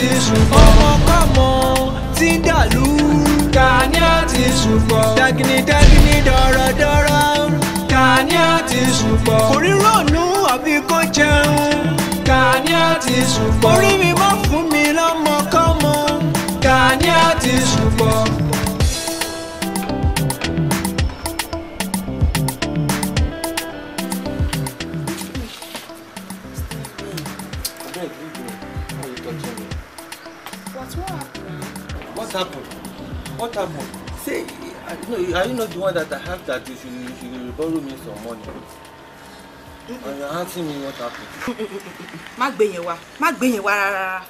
àti ṣùpọ̀ ọmọkọ́mọ tí ń dàlú kàní àti ṣùpọ̀ dagidagidi dọ̀rọ̀dọ̀rọ̀ kàní àti ṣùpọ̀ kò rí rònú àbí kó jẹun kàní àti ṣùpọ̀ orí mi má fún mi lọ́mọkọ́mọ kàní àti ṣùpọ̀. What happened? Say, no, are you not the one that I have that you should, you should borrow me some money? And you're asking me what happened. Má gbé yẹn wá, má gbé yẹn wá rárá.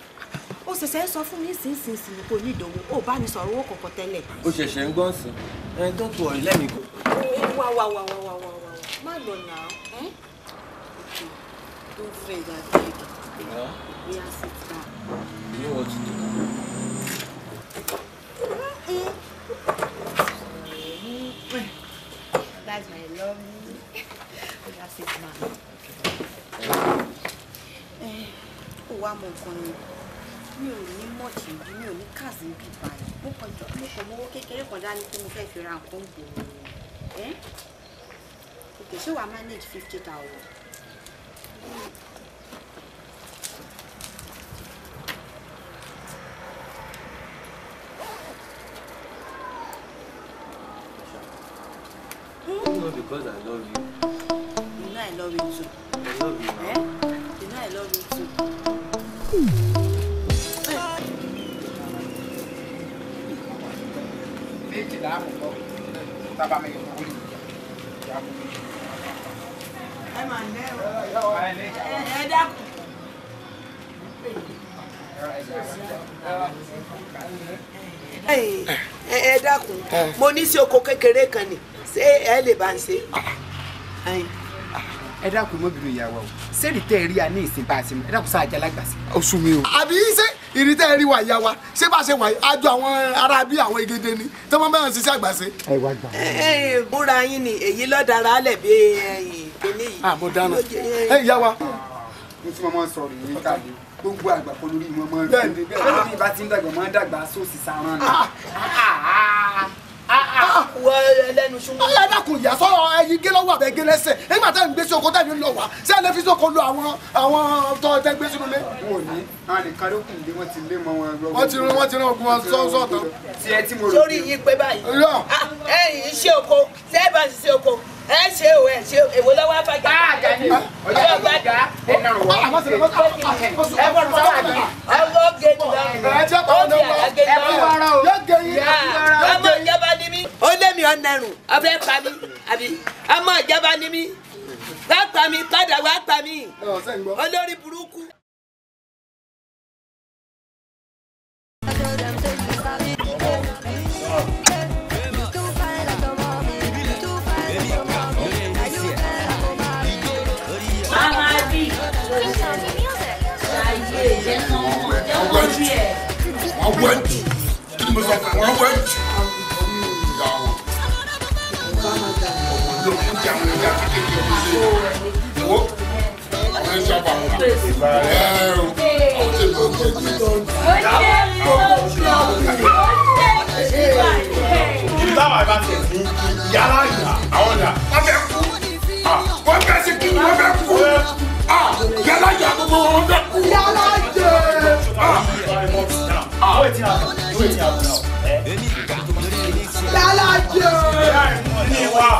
Ó ṣẹ̀ṣẹ̀ ń sọ fún mi nísinsìnyí kò ní ìdòwò, ó bá mi sọ̀rọ̀ owó kọ̀ọ̀kan tẹ́lẹ̀. Ó ṣẹ̀ṣẹ̀ ń gbọ́n sí. Ẹ don't worry, let me go. Wà wà wà wà wà wà wà má lọ nà eh? Don't fret, I beg. Yeah. We are sit down. You know what to do That's my lovely. That's it, man. Ó wá mọ nǹkan ni. Mi ò ní mọ̀tì bí mi ò ní káàsì bí báyìí. Mo kàn jọ mo kàn mowó kékeré kan dání pé mo fẹ́ fi ra nǹkan gbòòrò. Òkè ṣé wàá manage fifty thousand? know because I love you. You know I love you too. I love you now. Eh? You know I love you too. hey, láàkùkọ tábà mi yọ owó nìyí ẹ máa ń lẹ o ẹ dákun. ẹ dákun mo ní sí oko kékeré kan ni ṣé ẹ lè bá ń ṣe. ẹ dákun mọ́ bínú ìyá wa o sẹ́ẹ̀rì tẹ́ ẹ rí a ní ìsìn bá a ṣe mọ́ ẹ dákun sọ àjálá gbà sí. oṣù mi o. àbí ṣé ìrì tẹ́ ẹ rí wa ìyá wa ṣé bá a ṣe wà yìí àjọ àwọn ará bí àwọn egede ni tí wọ́n bẹ̀rẹ̀ ṣiṣẹ́ àgbà ṣe. ẹ wá gbà. ẹ ẹ búra yín ni èyí lọ́dàra alẹ̀ bí ẹyìn ìpínlẹ̀ yìí. àmọ́ ah, dáná ẹ ìyá wa. mo ti mọ mọ sọ̀rọ̀ yìí káàdì gbogbo àgbà kan lórí ìmọ̀ mọ́ ẹ̀ bẹ́ẹ̀ ni bẹ́ẹ̀ ni bí ìbá ti ń dàgbà máa ń dàgbà sóòsì sáárán ni. Ah, ah, Ah, ah. wọ ẹlẹ́nu ṣubú. ọyọ ẹdàkùn ìyá sọ ẹyin gé lọ́wọ́ àbẹ gé lẹ́sẹ̀ nígbà tẹ́ ń gbé sí oko tẹ́yìn lọ wá sí ẹ lè fi sóko lu àwọn àwọn tọ́ tẹ́ gbé sínú ilé. wò ní àlè kárẹ́kùn lé wọ́n ti lé mọ wọn lọ́wọ́. wọ́n ti rún wọ́n ti rún ogun wọn sọ́ọ̀sọ̀ tán. tiẹ̀ tí mo rò. sórí yín pé báyìí. Ah, ẹ̀yin iṣẹ́ oko sẹ́ẹ̀ bá ṣiṣẹ́ oko ẹ ṣe o ẹ ṣe o èwo lọ́wọ́ afájà. bá a jà ní ọjọ́ gbàgbà ẹ nà rọ̀ wọ́n. ẹ bọ̀ ní sọ́wọ́ àgbà. ẹ wọ́n gé ní lọ́rùn. ó di àgbà gé ní lọ́rùn. yóò gé yín. yóò gé yín. ọmọ ìjọba ni mí ó lé mi ọ̀nàrùn ọ̀fẹ́ pa mi àbí ọmọ ìjọba ni mí wá pa mi padà wá pa mi olórí burúkú. I went. I went. àwọn ẹja kékeré ọ̀hún ṣe wo àwọn ẹja bá wà ẹ o àwọn tí mo jẹ jẹ. ìtawà bá tẹ̀ ní yàrá ìyá àwọn ọ̀dà wọ́n fẹ́ kú wọ́n fẹ́ sí kí wọ́n fẹ́ kú yàrá ìyá gbogbo wọn fẹ́ kú. yàrá ìyá. Wait, yeah. Wait, yeah. Lálàjò. Ní wa.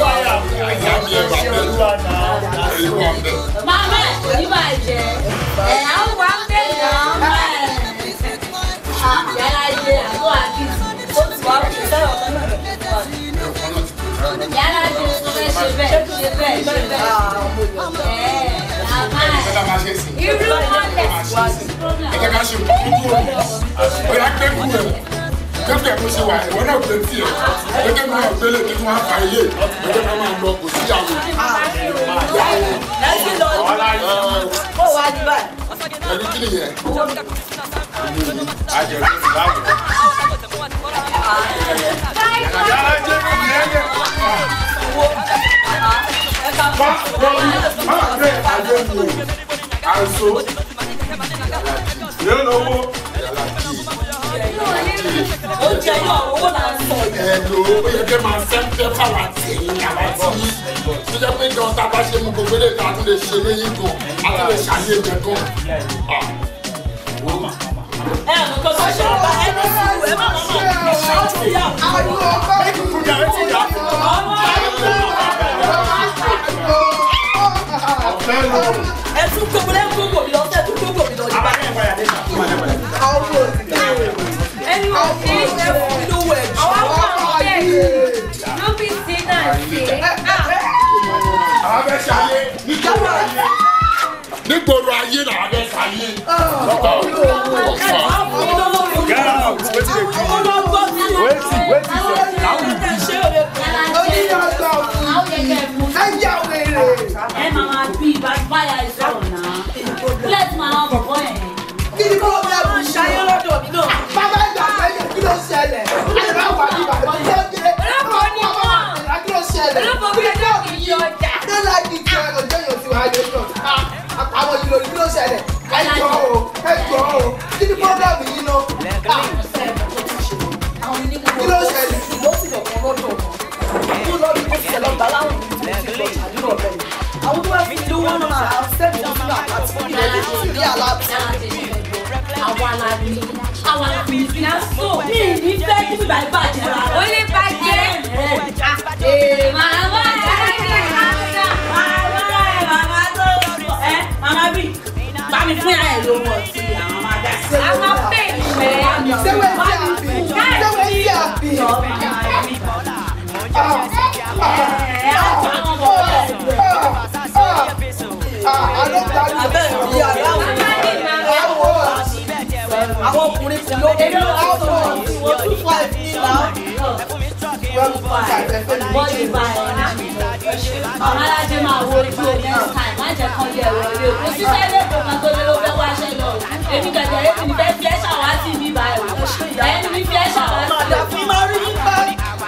Mama, you might get. And I will walk there now. Yeah, I did. I go out here. What's wrong with you? Yeah, I did. Ṣe bẹ́ẹ̀, ṣe bẹ́ẹ̀, ṣe bẹ́ẹ̀. Irú mọ́lẹ̀. Ẹ jẹ́ ká ṣe kúkú. Ó yà pé kúkú kẹ́fẹ́ mo ṣe wà ìwọ náà pé tiẹ̀ gẹ́gẹ́ mi náà gbélé kí wọ́n fa ilé gẹ́gẹ́ mi máa lọ kò sí àwọn àyàwó ẹni kí nìyẹn. ajẹ́ ló ti báwò. yàrá jẹ́ mi yẹn yẹn. bá wọlé má bẹ́ẹ̀ ajẹ́ mi o àìsàn yẹn lọ́wọ́ oúnjẹ náà owó là ń sọ yìí. ẹ lò ó yẹ kí máa sẹ́ńtẹ́ fáwọn àti àwọn tí tó jẹ́ pé gan tá a bá ṣe mú gbogbo eré ìta tó lè ṣe lóyún gan a lè ṣàlẹ́ ẹ̀jẹ̀ gan. ẹ mú kọ́kọ́ ṣe ọba ẹni sí ìwé má mọ̀ mọ̀ ṣáàtú yà wọ́n. ẹ̀kú kúndà ẹ̀kú yà wọ́n. ẹ̀sùn gbogbo lẹ́kọ̀ọ́ gbòmìnà ọ̀sẹ̀ tó gbogbo gbòmìnà ọ̀dìbà ẹni wọn fi ń ṣe fún mi. àwọn kan bẹ́ẹ̀ ló fi sí náà ṣe. àwọn abẹ́ ṣayé nígboro ayé nígboro ayé làwọn abẹ́ ṣayé. ọ̀pọ̀ ọ̀pọ̀ gàá wetin dey do you wetin wetin. lórí kí ló ṣẹlẹ̀ ẹ jọ o ẹ o kí ni program yìí ná. kí ṣẹlẹ̀. kí ló ní kó ṣe lọ́gbà láwọn ìlú tó ti lọ tàbí ọ̀rẹ́ mi. àwọn tó wá fi ní wọn náà ṣe àṣẹ́bí àwọn aláàbí àwọn sọ mi ní fẹ́ kí bíbá ìbàjẹ́ rà ó lè bàjẹ́. màmá mi fún yàrá ẹ̀ lówó ọtí àwọn máa dá sí. àwọn pèmí rẹ̀ sẹ́wọ́ ẹ̀ sí àbí sẹ́wọ́ ẹ̀ sí àbí. Àwọn ọkùnrin ti lóde lọ́wọ́ àwọn ọ̀sìn wọ́n tún fún àìsí ìlà orúkọ àìfẹ́ fẹ́ mi. bọ́ọ̀lù ìgbà ẹ̀ náà ọ̀rọ̀ alájẹ máa wo ojú o next time má jẹ́ kan jẹ́ ẹ̀rọ ilé o. kò sí sẹ́yìn èkó kan tó lé ló fẹ́ wá aṣẹ́ lọ. èmi gàdá èmi ní fẹ́ fi ẹ́ ṣàwátì mi bá ẹ̀ wò. ẹni mi fi ẹ́ ṣàwátì. ọ̀dà fi máa rí yín bá.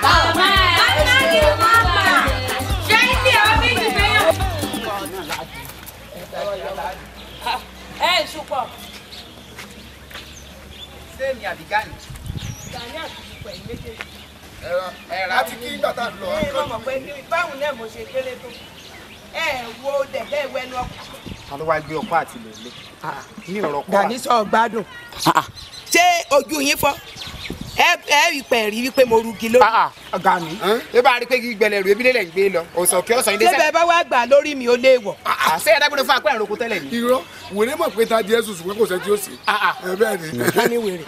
bàbá ẹ̀ ọ̀nà ni wọ́n gbà. ṣé ibi àwọn méjì fẹ́yàn. ẹ ẹ ṣùpọ̀. sẹ́ẹ̀mì àbígáyìn. gani àti ṣùpọ̀ ẹ̀ méjèèjì láti kí gbàtà lọ. ẹ ẹ mọ̀ pé báwọn náà mo ṣe délé tó ẹ wo dẹ̀dẹ̀ ìwẹ́ ẹnu ta ló wá gbé ọkọ àti lèlé ní ọ̀rọ̀ kọ́ wa. dàní sọ gbádùn ah, ah. ṣé ojú yín fọ́ ẹ ẹ ìpẹ rí wípé mo rugi lórí. Ah, ah. ọ̀gá mi ẹ bá rí pé kí gbẹlẹ rú ebílẹ̀ lẹ̀ ń gbé lọ òsàn kí ọ̀sán ilé sẹ́yìn. ṣé bẹ́ẹ̀ bá wá gbà lórí mi ó léèwọ̀. Ah, ṣé ẹ dágbére fún apẹ́rẹ́ roko tẹ́lẹ̀ ni. irọ́ wèrè mọ̀ pé ta di ẹ̀sùn ṣùgbọ́n kò sẹ́ tí ó sì. bẹ́ẹ̀ ni. ká ní wèrè.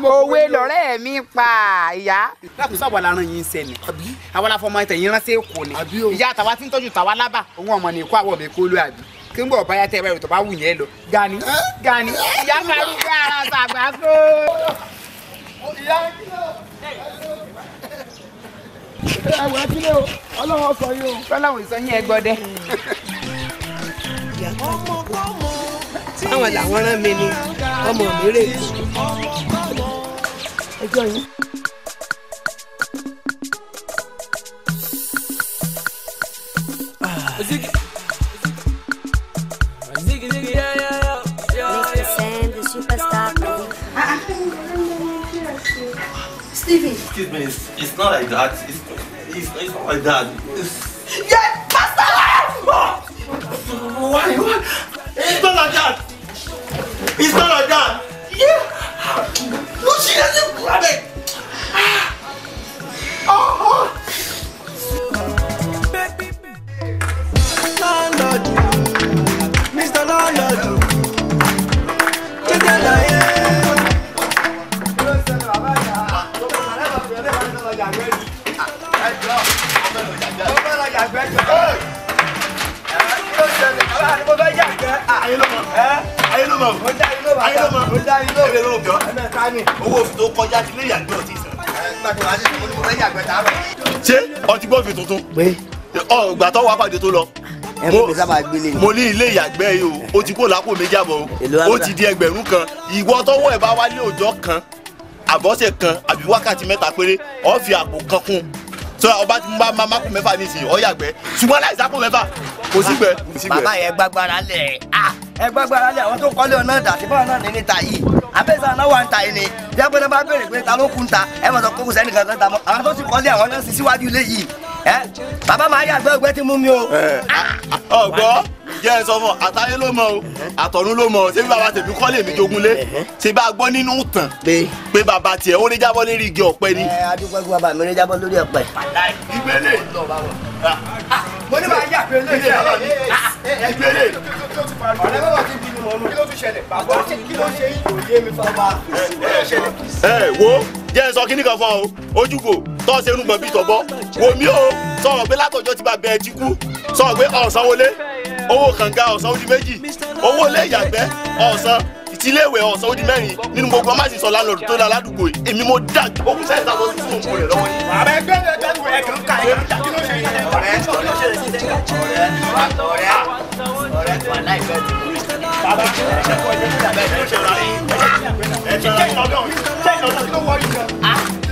òwe lọ́rẹ́ mi pa ìyá. láti sábà la ran yín sẹ́ni. àwa la fọmọ tẹ̀yìn ránṣẹ́ èkó ni. ìyá tàwa ti ń tọ́jú tàwa lábà. òun ọmọ ni ikú àwọn ọmọ èkó ló àbí kí n bọ̀ báyà tẹ̀ báyà tó bá wù yẹn lọ. Gani Gani ìyá máa rú gbára sàgbà fún ìyá ẹwẹ kílẹ o ọlọ́wọ́ sọ yìí o. fẹ́láwọ̀ ìsọyín ẹ gbọ́dẹ. táwọn làwọn rán mi ni ọmọ mi rè é. ẹjọ́ yìí. Ah. Ziggy. Excuse me, it's, it's not like that. It's, it's, it's not like that. It's... Yeah, are tọ́wọ́ apàdé tó lọ mo ní ilé ìyàgbẹ́ yìí o ti kó lápò méjì àbọ̀ ó ti di ẹgbẹ̀rún kan ìwọ tọ́wọ́ ẹ̀ bá wálé ọjọ́ kan àbọ̀sẹ̀ kan àbí wákàtí mẹ́ta péré ó fi àpò kan kún so ọba tí mo bá máa mákò mẹ́fà ní ìsìn ó yàgbẹ́ ṣùgbọ́n láì sápò mẹ́fà kò sí gbẹ. bàbá yẹn gbàgbára lẹ ẹ gbàgbára lẹ àwọn tó kọ́lé ọ̀nà dà sí báwọn náà ní níta yìí abẹ́sà náà wà níta yìí ni bí agbẹ́nà bá béèrè pé ta ló kú níta ẹ mọ̀ sọ kókó sẹ́nìkan tó ta mọ́ àwọn tó ti kọ́lé àwọn náà sì síwájú ilé yìí bàbá máa yàgbẹ́ ọgbẹ́ tí mú mi o. ọgbọ́n jẹ́ ẹ sọ fún ọ àtàyé ló mọ o àtọ̀run ló mọ o ṣébí bàbá tèmi kọ́ lè mi jogún lé ṣe bá a gbọ́ nínú tàn pé bàbá tiẹ̀ ó ní jábọ́ lérí igi ọ̀pẹ ni. ẹ adúgbò ẹgbẹ́ bàbá mi ní jábọ́ lórí ọ̀pẹ. ìgbélé mo ní máa yàgbé lé ìgbélé ọ̀rẹ́ bàbá ti bí mi mọ̀ ọ́nù kí ló tún ṣẹlẹ̀ bàbá kí ló ṣe yí òye mi fọba kí ẹ wo jẹ́ ẹ sọ kíní kan fún ọ ojúgbò tọ́ ṣe irúgbọ̀n bíi tọ̀bọ́ wò o sọ̀rọ̀ pé látọ̀jọ́ ti bá bẹ́ẹ̀ ti kú sọ̀rọ̀ pé ọ̀sán wọlé owó kànga ọ̀sán ó di méjì owó ilé ìyàgbẹ́ ọ̀sán ìtìléèwé ọ̀sán ó di mẹ́rin nínú gbogbo ọmọ àti ìsọ̀lá tó dá ládùúgbò yìí èmi mo dá ogun sẹ́yìn táwọn sì fún òun lọ́wọ́ yìí.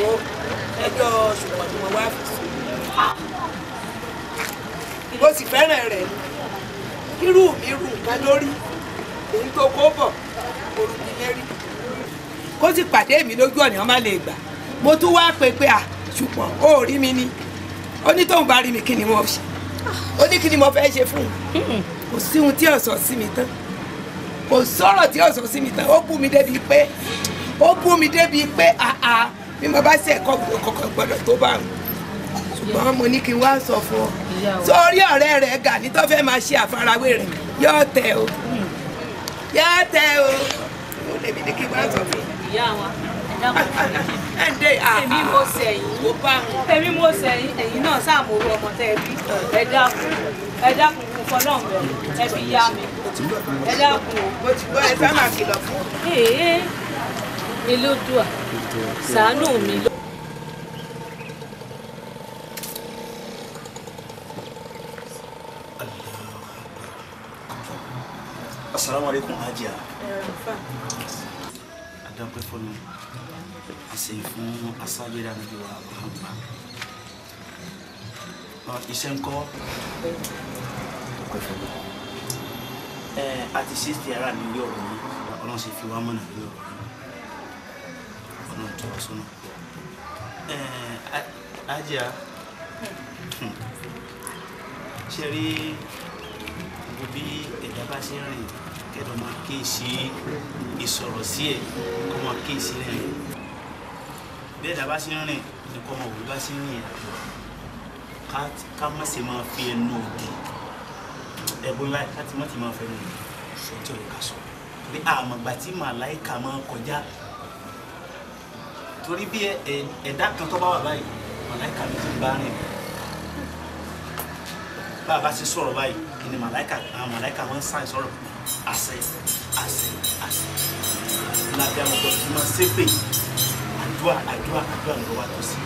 wo ẹjọ́ ṣùgbọ́n ni mo wá fi sùn mo sì fẹ́ràn rẹ̀ irú mi rù nǹkan lórí èyí tó kó bọ̀ orúkú lérí kó sì pàdé mi lójú ọ̀nà ọmọ lè gbà mo tún wá pé pé à ṣùgbọ́n ó rí mi ni ó ní tóun bá rí mi kí ni mo ṣe ó ní kí ni mo fẹ́ ṣe fún un kò sí ohun tí ọ̀sán sí mi tán kò sọ̀rọ̀ tí ọ̀sán sí mi tán ó bú mi débi pé ó bú mi débi pé àà bí mo bá ṣe ẹ̀kọ́ kọ̀ọ̀kan gbọ́dọ̀ tó bá wọn ṣùgbọ́n mo ní kí n wá sọ fún ọ sórí ọ̀rẹ́ rẹ̀ gà ní tó fẹ́ máa ṣe àfarawé rẹ̀ yóò tẹ o hmm. yóò tẹ o mo lè mi ní kí n wá sọ fún ọ. Ẹ̀ǹdé èmi mo sẹ̀yìn. Èmi mo sẹ̀yìn ẹ̀yìn náà sáàmúrú ọmọ tẹ́ ẹ bí. Ẹ dákun ẹ dákun fún fọlọ́ọ̀mù ẹ fi yá mi. Ẹ dákun o. Mo ti gbọ́ ẹ fẹ́ máa kìlọ̀ fún. Elédùà ṣàánú mi lọ. Assalamu alaikum Hajiya. Adápẹ́ fọ́nà, àṣẹ fún aṣáájú ànábì wa Muhammad. Iṣẹ́ ń kọ́. Ẹ àti ṣe ti ara mi yọ̀rọ̀ yìí, ọlọ́run ṣe fi wá mọ̀nà yọ̀rọ̀ ọlọ́run tó wá sọ́nà ajá hmm. ṣe rí gbogbo bí ẹ̀dá bá ṣe ń rìn kẹ́dọ̀ máa kíyèsí ìsọ̀rọ̀ sí ẹ̀ kọ́ máa kíyèsí rẹ̀ bí ẹ̀dá bá ṣe ń rìn ni kọ́ máa wòlú bá ṣe ń rìn ká má ṣe máa fi ẹnu òdì ẹ̀bùn láì ká ti má ti máa fẹ́ nu sọ́jọ́ ìka sọ pé àmọ̀gbà tí màláìka máa kọjá torí bí ẹ̀dá kan tó bá wà báyìí màláìka ló ti ń bá rìn bá a bá ṣe sọ̀rọ̀ báyìí kí ni màláìka àwọn màláìka wọn ń sàn sọ̀rọ̀ àṣẹ àṣẹ àṣẹ lábẹ́ àwọn ọkọ̀ tí wọ́n ṣe pé àdúrà àdúrà àdúrà ló wá tó sí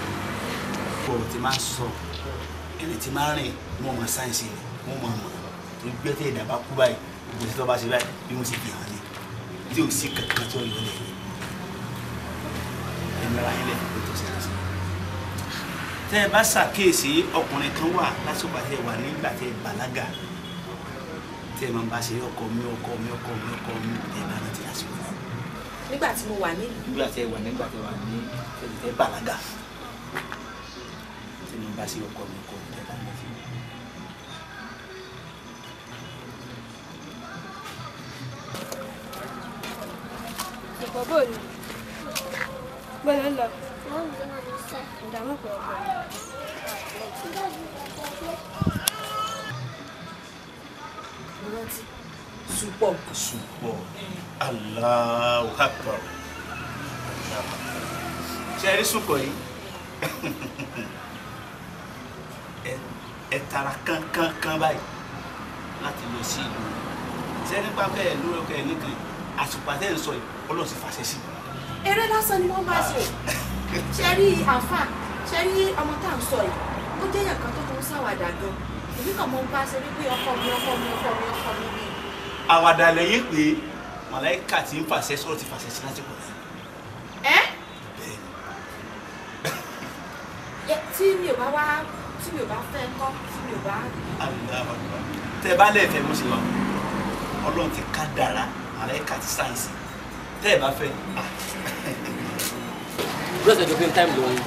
ọ̀rọ̀ tí máa sọ ẹni tí máa rìn wọn mọ sáyẹnsì ni wọn mọ àmọ́ torí gbẹ́tẹ̀ ìdàbà kú báyìí gbèsè tó bá ṣe báyìí bí wọ́n ti fi ìnira yín lẹ́yìn tó ṣe àṣà tẹ́ ẹ bá ṣàkíyèsí ọkùnrin kan wà lásìkò àti ẹ̀wà nígbà tẹ́ ẹ bàlágà tẹ́ ẹ máa ń bá ṣe ọkọ mi ọkọ mi ọkọ mi ọkọ mi ẹ bá rántí lásìkò náà. nígbà tí mo wà ní. nígbà tẹ́ ẹ wà nígbà tẹ́ ẹ wà ní ẹ bàlágà tẹ́ ẹ máa ń bá ṣe ọkọ mi ọkọ mi ẹ bá rántí. bọ̀bọ̀ ni. Bueno, anda. Dame un juego. Súpọ̀ súpọ̀ Allahu Akbar. Ṣé ẹ rí súpọ̀ yìí? Ẹ tara kánkán báyìí láti lọ sí ìlú. Ṣé nípa bẹ́ẹ̀ lórí ọkọ̀ ẹ̀ nìkan àtùpà tẹ́ ń sọ yìí ọlọ́run ti fàṣẹ sí eré lásán ni wọ́n bá ṣe ṣe rí àfà ṣe rí ọmọ tá à ń sọ yìí ó jẹ́ èèyàn kan tó tó ń ṣàwàdà gan èmi kàn mọ́ ń bá ṣe wípé ọkọ mi ọkọ mi ọkọ mi ọkọ mi ni. àwàdà lẹ́yìn pé màláìka ti ń fàṣẹ sọ̀rọ̀ ti fàṣẹ sí lásìkò náà. ẹ bẹ́ẹ̀ tí mi ò bá wá tí mi ò bá fẹ́ kọ́ tí mi ò bá. tẹ bá lẹ́ẹ̀fẹ́ mo ṣe wà ọlọ́run ti ká dára màláìka ti sáyẹ̀nsì tẹ́ ẹ̀ bá fẹ́. bros ẹjọ pé time ló ń. ẹ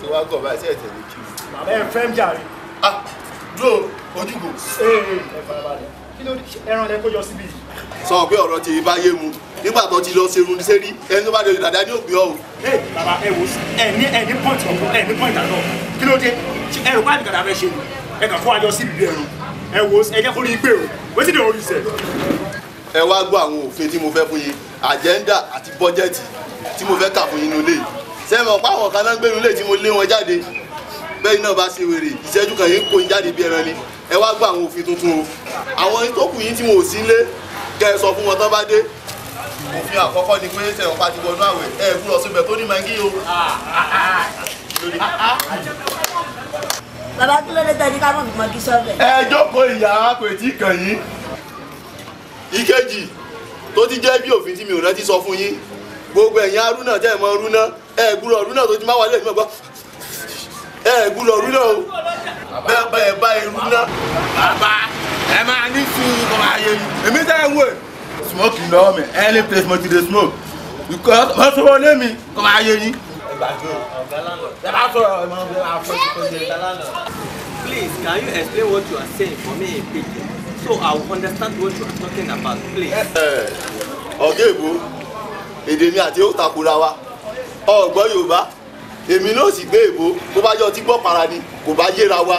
ti wá gọ̀ bá ṣe ẹ̀tẹ̀ lè kí. bàbá ẹ fẹ́ ń jàre. ah dúró Hey, ẹ ẹ ẹ farabalẹ̀ kí ló ẹran lẹ kó yọ síbí. sọ pé ọ̀rọ̀ ti báyé mu nígbà tó ti lọ serun ní sẹ́rí ẹni tó bá dẹ̀yìn dàda ní òbí ọ̀ o. ẹ bàbá ẹ wò ẹ ní ẹ ní pọ́ǹtì ọ̀gbọ́n ẹ ní pọ́ǹtì àná kí ló dé ẹ rò pàdé kàdà fẹ́ ṣe ni ẹ kà kó àjọ sí ibi ẹ̀rù ẹ wò ẹ jẹ́ kó rí i o wetin dey worry sef. ẹ wá gbọ́ àwọn òfin tí mo fẹ́ fún yín àjẹ́ndà àti bọ́jẹ́tì tí mo fẹ́ kà fún yín nílé sẹ́wọ̀n páwọn kan náà ń gbèrú lè tí mo lé wọn jáde bẹ́ẹ̀ náà bá ṣe wèrè ìṣẹ́jú kan yín kó yín jáde bí ẹran ni ẹ wá gbọ́ àwọn òfin tuntun o àwọn tó kù yín tí wọn ò sí lé kẹ́ ẹ sọ fún wọn tán bá dé òfin àkọ́kọ́ ni pé tẹ̀wọ̀n pa ti wọnú àwẹ̀ ẹ ẹ gbúrọ̀ síbẹ̀ tó ní máa o. bàbá kí ló dé ní ká mọ̀ mọ́ kí sọ́fẹ̀. ẹ jókòó ìyá kò tí ì kàn yín. ìkejì tó ti jẹ́ bí òfin tí mi ò rántí sọ fún yín gbogbo ẹ̀yin arúnà tẹ́ ẹ̀ mọ rúnà ẹ gbúrọ̀ rúnà tó ti má wà lẹ́yìn mọ́gbọ́n ẹ gbúrọ̀ rúnà o bẹ́ẹ̀ bá ẹ bá ẹ rúnà. bàbá ẹ máa ní sùúrù bàbá yẹn. èmi tẹ́ ẹ wò ẹ́ smoke you know any place mo ti smoke because wọ́n sọ wọ́n lé mi kọ́ máa Please, can you explain what you are saying for me in pidgin so I will understand what you are talking about, please. Eh, okay, bro. èdè mi àti ó takora wa, ọ̀gbọ́n Yorùbá, èmi náà sì gbé èbó, bó bá yọ ọtí gbọ́ para ni, kò bá yéra wa,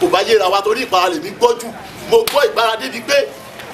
kò bá yéra wa tori ìpara lèmi gbọ́ jù, mo gbọ́ ìpara débi pé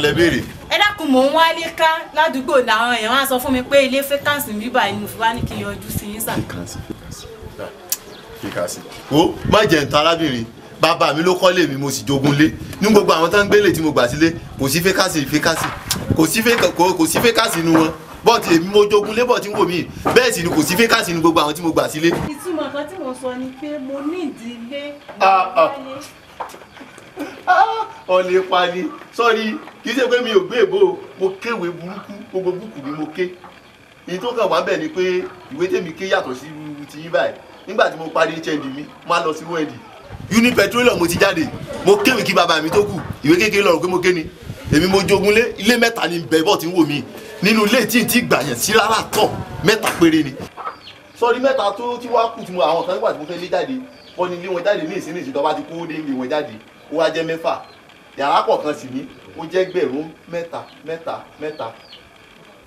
lẹ béèrè. ẹ dákun mò ń wálé ká ládùúgbò làwọn èèyàn wá sọ fún mi pé ilé fẹkánsì bíbà ni mo fi wá ní kí n yọjú sí yín sà. fíkàsì wo má jẹ́ ǹta arábìnrin bàbá mi ló kọ́lé mi mo sì jogun lé ní gbogbo àwọn tó ń gbélé tí mo gbà sílé kò sí fíkàsì fíkàsì kò sí fíkàsì nu wọn bọ́ọ̀tì èmi mo jogun lé bọ́ọ̀tì ń wò mí bẹ́ẹ̀ sì ni kò sí fíkàsì nu gbogbo àwọn tí mo gbà sílé. ìtumọ̀ kan tí mo sọ ni pé mo ní ìdílé. Ah, ah. ọ̀nà ipa ni sọ́ọ́ni kì í ṣe pé mi ò gbé èbó mo kéwé burúkú gbogbo búùkù ni mo ké èyí tó kàn wá bẹ̀ ni pé ìwé tèmi ké yàtọ̀ sí irú ti yín báyìí nígbà tí mo parí hnd mi má lọ sí wẹ́ẹ̀dì uni petroleum mo ti jáde mo kéwé kí bàbá mi tó kù ìwé kékeré lọ́rùn pé mo ké ni èmi mo jogun lé ilé mẹ́ta ni bẹ̀bọ̀ tí ń wò mí nínú ilé tí n ti gbà yẹn sí rárá tán mẹ́ta péré ni. sọ́ọ́ni mẹ́ta tó ti wá kù tí mo àwọn kan nígbà tí mo fẹ́ lé jáde wọ́n ní ilé wọn jáde ní ìsinmi ìsìn tó bá ti kó dé ilé wọn jáde ó wá jẹ́ mẹ́fà yàrá kọ̀ọ̀kan sì ní ó jẹ́ gbẹ̀rún mẹ́ta mẹ́ta mẹ́ta.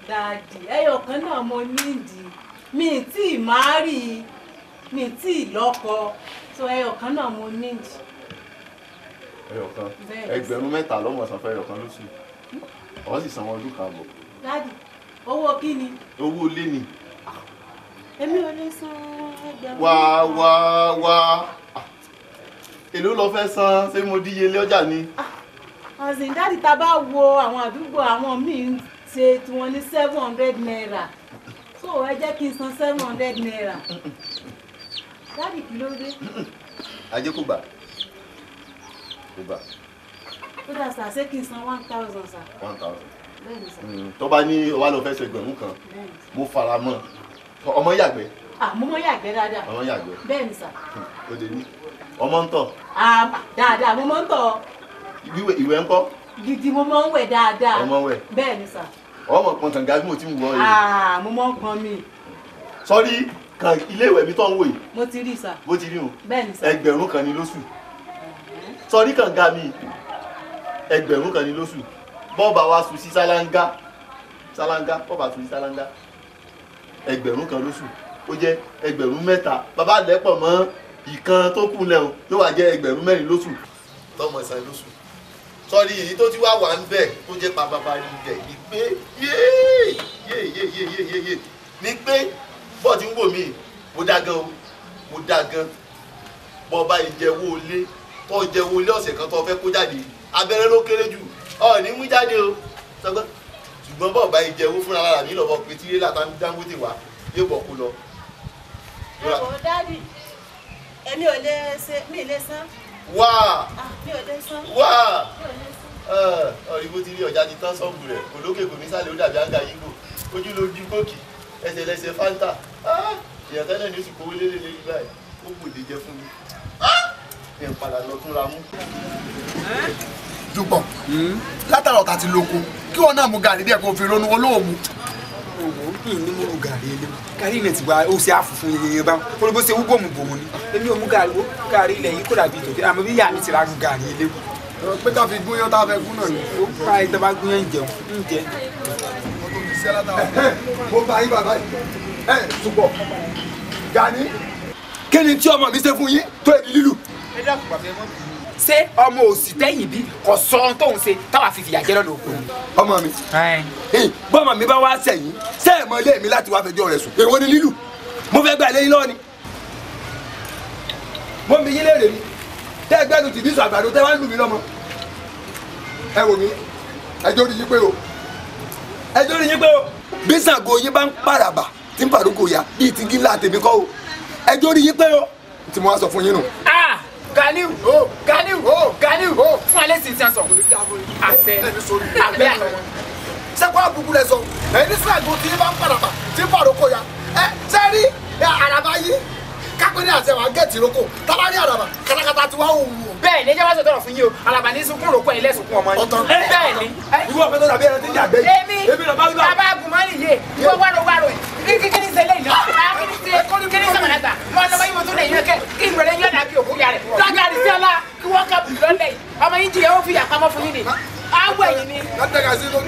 dàdí ẹyọ kan náà mo nídìí mi tí ì máa rí i mi tí ì lọ́kọ tó ẹyọ kan náà mo nídìí. ẹyọ kan ẹgbẹ̀rún mẹ́ta lọ́mọ sanfẹ́ ẹyọ kan lóṣù ọ̀ sì san ọdún kan bọ̀. dàdí owó kí ni. owó lé ni. èmi ò lè san ẹgbẹ̀rún. wá wá wá èló lọ fẹ́ san ṣé mo díyelé ọjà ni. ọ̀sìn ah, dáàdì ta bá wo àwọn àdúgbò àwọn míì ṣe tí wọ́n ní seven hundred naira so ẹ jẹ́ kí n san seven hundred naira dáàdì kí ló dé. ajé kò gbà kò gbà. ó dà sà ṣé kí n san one thousand sà. one thousand hmm, tó bá ní wà ló fẹ́ ṣe gbẹ̀rún kan mo fara mọ́ ọmọ yàgbẹ́. àmọ́ ah, ọmọ yàgbẹ́ dáadáa. ọmọ yàgbẹ́. bẹ́ẹ̀ ni sà. o hmm, ọmọ ń tọ̀. dáadáa mo mọ ń tọ̀. ìwẹ̀ ń kọ́. gidi mo mọ ń wẹ̀ dáadáa. ọmọ wẹ̀. bẹ́ẹ̀ ni sà. ọmọ kan kànga bí mo ti ń wọ yìí. mo mọ ń pọn mi. sọ́rí kan ilé ìwẹ̀ mi tó ń wò yìí. mo ti rí sà. mo ti rí o. bẹ́ẹ̀ ni sà. ẹgbẹ̀rún kan ni lóṣù. sọ́rí kànga mi ẹgbẹ̀rún kan ni lóṣù bọ́ọ̀bà wa sùn sí sálángá sálángá bọ́ọ̀bà sùn sí sálángá ẹgbẹ̀rún kan lóṣù ó jẹ́ ẹgbẹ̀rún mẹ́ta bàbá lẹ́pọ̀ mọ́ ìkan tó kù lẹ o ló wà jẹ ẹgbẹ̀rún mẹ́rin lóṣù tọmọ ìsàn lóṣù sọrí èyí tó ti wá wà ń bẹ tó jẹ pàpàpà rí bẹ ni pé yéé yéé yéé yéé yéé ni pé bọ́ọ̀ ti ń wò mí mo dá gan o mo dá gan bọ́ bá ìjẹ́wọ́ olé tó jẹ́wọ́ olé ọ̀sẹ̀ kan tó fẹ́ kó jáde abẹ́rẹ́ ló kéré jù ọ̀ ní mú jáde o sọgbọ́n ṣùgbọ́n bọ́ọ̀ bá ìjẹ́wọ́ fúnra lára mi lọ́bọ̀ pé tí ilé làtà ń dáńgótè wá yóò bọ̀ kó lọ. ẹ wò ó dádì èmi ò lè ṣe ah, mi ò lè san. wá mi ò lè san. wá ọ̀rìbó ti rí ọjà ti tán sọ́ọ̀bù rẹ̀ olókè kò ní sálẹ̀ ó dàbí àga yígbò ojú lójú kókì ẹsẹ̀ lẹ́sẹ̀ fanta ìyá ah, tẹ́lẹ̀ ní oṣù kówó lélẹ̀ lẹ́yìn báyìí ó kò lè jẹ fún mi ah, ẹ̀ ń padà lọ túnra mú. dùgbọ̀n hmm? látàrọ̀ ta ti lóko kí wọn náà mú gàrí díẹ̀ kó fi ronú olóòmù wò ó yìí ní mo rò gàrí ilé mi gàrí ilẹ̀ ti wá ó ṣe àfùfù yẹyẹ bá wọn olùkọ́ ṣe wúbọ̀mù bòmù ni èmi ò mú gàrí ó gàrí ilẹ̀ yìí kó dàbí tòkè àmọ́ bí yà mí ti ra gàrí ilé mi. pé ká fi gúnyán tá a fẹ́ gún náà ni. ó ká ẹ tẹ́lá gúnyán ń jẹun ń jẹ. mo bá yín bàbá yìí ẹ ṣùgbọ́n Gani kí ni tí ọmọ mi ṣe fún yín tó èdè lílù. ẹ dákun pàṣẹ mọ́tò ṣé ọmọ òsì tẹ́yìn bí kò sọ ohun tóun ṣe táwa fi fìyà jẹ́ lọ́nà òkú. ọmọ mi bọ́mọ mi bá wá sẹ́yìn ṣé ẹ̀ mọ ilé mi láti wá fẹjọ́ rẹ̀ sùn èwo ni lílù mo fẹ́ gbà lẹ́yìn lọ́ọ̀ni mo mi yín léèrè mi tẹ́ ẹ gbẹ́nu tìbí sọ àgbàdo tẹ́ wá ń lù mí lọ́mọ ẹ wò mí ẹjọ́ rí yín pé o ẹjọ́ rí yín pé o bí Ṣàngó yín bá ń pàràbà tí ń pàrókò ya bíi ti gíńlá tèmi kọ́ o ẹjọ́ rí yín pé o tí mo wá sọ fún yín nù. Ganiu o Ganiu o Ganiu o fún alẹ́ sì ti sọ. àṣẹ àbẹ́ sẹ́kọ̀ àbúkú lẹ sọ ẹni sọ àgbo tí yín bá ń padà bà tí ń pàrọ̀ kó ya ẹ sẹ́rí àràbá yìí kápẹ́rẹ́ àti ẹ̀wà gẹ̀ẹ́tì roko tábàárí àràbà katakata ti wá òun o. bẹ́ẹ̀ ni ẹjẹ wá sọ tọrọ fún yín o alaba ní sunkún roko ẹ lẹsùnkún ọmọ yìí. ọtọ bẹ́ẹ̀ ni. ìwọ fẹ́ tó dàbí ẹran tí ń jà gbẹ yìí. èmi bàbá agùnmọ́nì yé ìwọ wárò wárò yìí kí ni ṣẹlẹ̀ yìí náà kí ni ṣe kí ni sọ̀rọ̀ àgbà wọn lọ́mọ yìí mo tún lè yín kẹ́ kí ìgbẹ̀rẹ̀ yín ọ̀nà àbí òkú yàrá awọ ẹ̀yìn ni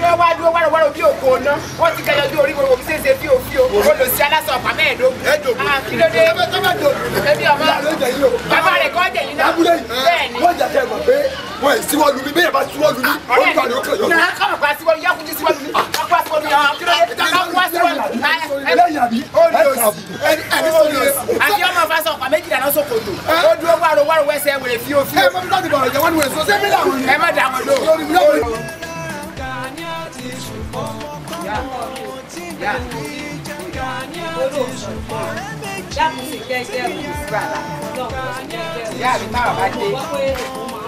wọ́n wá dúró wárò wárò bí ògo ọ̀nà wọ́n ti kẹyọ bí orí wọn òbí ṣèṣe bí òfíò olùsí aláṣọ ọ̀pá mẹ́ẹ̀ẹ́dógún ah, kílódé ẹbí ọmọ bàbá rẹ̀ kọ́ jẹ̀ náà bẹ́ẹ̀ ni. wọ́n jà kẹ́ pé wọ́n ì síwọ́lu mi bẹ́ẹ̀ bá síwọ́lu ah, mi. ọ̀rẹ́ mi náà kọ́ ìjọba wá sí wọn ẹni sọ̀rọ̀ àti ọmọ fásitì ọkọ̀ méjì dáná sókòtò ó dúró wàrò wàrò wẹsẹ̀ wèrè fíò fíò. ẹ má dá àwọn ọ̀dọ́ ẹ má dá àwọn ọ̀dọ́. Yeah. yeah yàtọ̀ sí jẹ́jẹ́ òkú rárá. ìyá mi máa bá dé.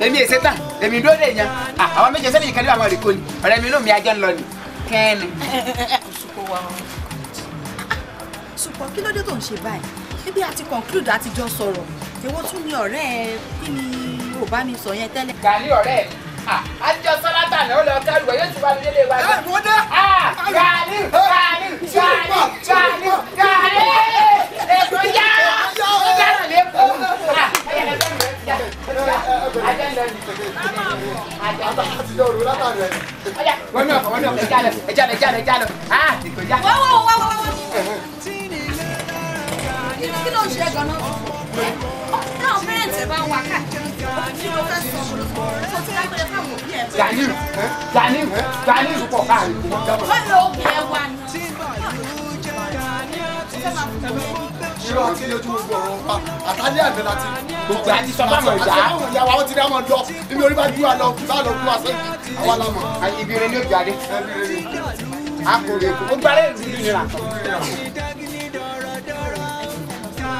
èmi èsè tán èmi dúró dè yan àwọn méje sẹ́ni ìkànnì àwọn èkó ni ọ̀rẹ́ mi inú mi ajọ́ ń lọ ni kẹ́ni. ṣùpọ̀ kí ló dé tó ń ṣe báyìí níbi àti conclude àti jọ sọ̀rọ̀ èwo tún ni ọ̀rẹ́ ẹ kí ni ò bá mi sọ yẹn tẹ́lẹ̀. gàlí ọ̀rẹ́ ẹ àjọsọ àná ó lọ kárùwẹ̀ yóò ti wá mi délé wa. gàlí gàlí gàlí gàlí gàlí èkó yá ó dáná lẹ́kọ̀ọ́. wọ́n náà wọ́n náà ẹja lọ ẹja lọ ẹja lọ ẹja lọ èkó yá. wọ́n wọ́n wọ́n wọ́n. kí ló ń ṣe gan-an táwọn parents ẹ̀ bá wà káàkiri kí ló fẹ́ sọ tó ti wá pé káwọn òbí ẹ̀ bá. gani gani gani pọ̀ káàkiri kò wọ́n dábọ̀. báyọ̀ òbí ẹ wà ní. irọ́ àti ilé ojú gbogbo ọ̀rọ̀ pa àtàlẹ́ àgbẹ̀ láti. gbogbo àti sọ báwọn ìjà. àti àwọn ìyá wa ó ti rí àwọn dọ́ ibi orí bá dúró àlọ́ bá lọ dúró àṣẹ àwa la mọ̀. ibi rẹ ni ó jáde. a kò lè kó. ó gbalẹ̀ ìlú nira.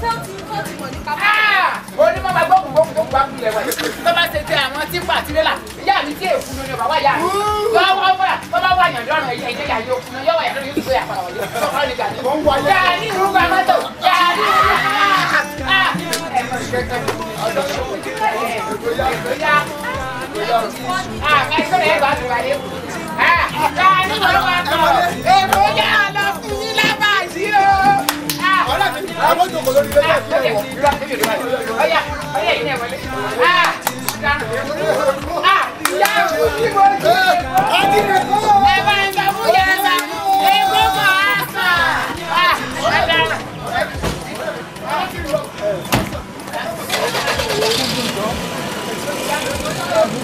onímọ̀ máa gbọ́kùn gbọ́kùn tó gbà kulẹ̀ wẹ̀ tó bá ṣe ti àwọn tí pa tirẹ́là ìyá mi tí èkú lóyún bàbá ìyá mi tó bá wọ́n fọ́ra tó bá wà yàn lọ́rùn ẹ̀yẹ ẹ̀yẹ yàyẹ òkú náà yọ̀wọ̀ yàtọ̀ yóò gbé àpàlà wọlé tó kọ́ ní gàdí. yàrá ní irú gba mọ́tò yàrá ní irú gba mọ́tò. àgbà ìṣòro ẹ̀ bá ti wà lé. yàrá ní irú gba mọ́tò èkó yà lọ àwọn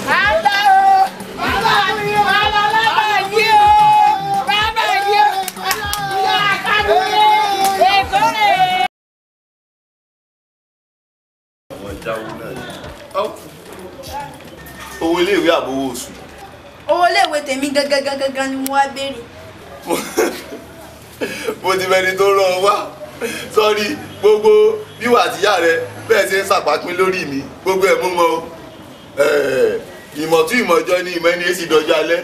Hello! Hello! Hello! owó iléèwé àbówó oṣù. owó iléèwé tèmi gangan gangan ni mo wá béèrè. mo ti mẹni tó rán ọ wá sọ́rí gbogbo bíwà àtìyá rẹ bẹ́ẹ̀ ṣe ń ṣàpapín lórí mi gbogbo ẹ̀ mú mọ́ ìmọ̀ tún ìmọ̀ jọ ni ìmọ̀ ẹni èsì dọjọ́ alẹ́